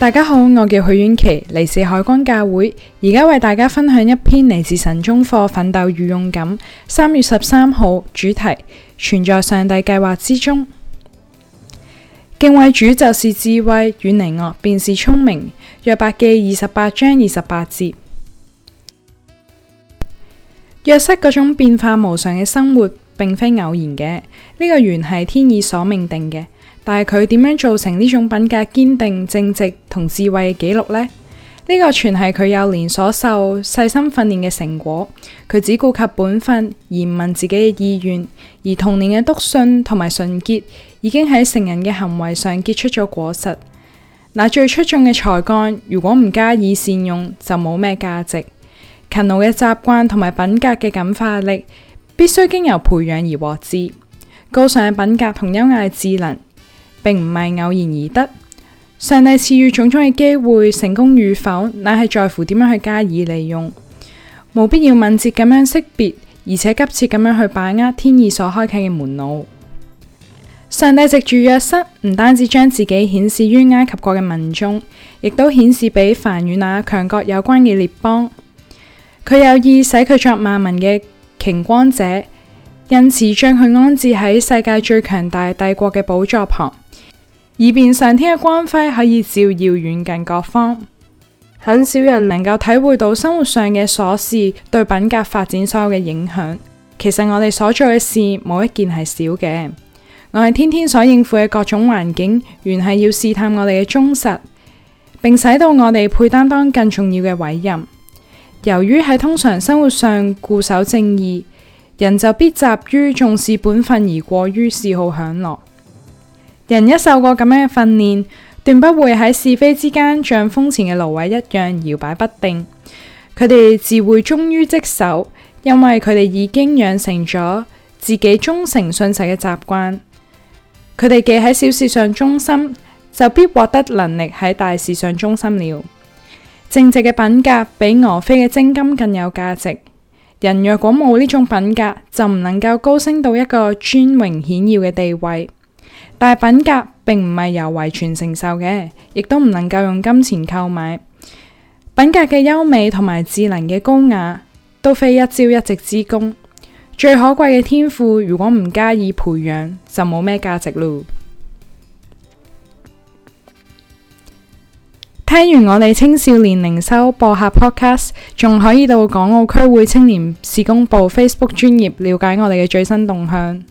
大家好，我叫許婉琪，嚟自海軍教會，而家為大家分享一篇嚟自神中課《奮鬥與勇敢》。三月十三號主題，全在上帝計劃之中。敬畏主就是智慧，遠離惡便是聰明。約伯記二十八章二十八節，若失嗰種變化無常嘅生活，並非偶然嘅。呢、這個原係天意所命定嘅。但係佢點樣做成呢種品格堅定、正直同智慧嘅紀錄呢？呢、呢個全係佢幼年所受細心訓練嘅成果。佢只顧及本分，而唔問自己嘅意願。而童年嘅篤信同埋純潔，已經喺成人嘅行為上結出咗果實。那最出眾嘅才幹，如果唔加以善用，就冇咩價值。勤勞嘅習慣同埋品格嘅感化力，必須經由培養而獲之。高尚嘅品格同優雅嘅智能，並唔係偶然而得，上帝賜予種種嘅機會，成功與否乃係在乎點樣去加以利用，無必要敏捷咁樣識別，而且急切咁樣去把握天意所開啟嘅門路。上帝藉住約瑟，唔單止將自己顯示於埃及國嘅民眾，亦都顯示俾凡與那強國有關嘅列邦，佢有意使佢作萬民嘅擎光者。因此，將佢安置喺世界最強大帝國嘅寶座旁，以便上天嘅光輝可以照耀遠近各方。很少人能夠體會到生活上嘅瑣事對品格發展所有嘅影響。其實我哋所做嘅事，冇一件係少嘅。我係天天所應付嘅各種環境，原係要試探我哋嘅忠實，並使到我哋配擔當，當更重要嘅委任。由於喺通常生活上固守正義。人就必集於重視本分而過於嗜好享樂。人一受過咁樣嘅訓練，斷不會喺是非之間像風前嘅蘆葦一樣搖擺不定。佢哋自會忠於職守，因為佢哋已經養成咗自己忠誠信誓嘅習慣。佢哋既喺小事上忠心，就必獲得能力喺大事上忠心了。正直嘅品格比俄斐嘅精金更有價值。人若果冇呢種品格，就唔能夠高升到一個尊榮顯耀嘅地位。但係品格並唔係由遺傳承受嘅，亦都唔能夠用金錢購買。品格嘅優美同埋智能嘅高雅，都非一朝一夕之功。最可貴嘅天賦，如果唔加以培養，就冇咩價值咯。聽完我哋青少年靈修播客 podcast，仲可以到港澳區會青年事工部 Facebook 專頁了解我哋嘅最新動向。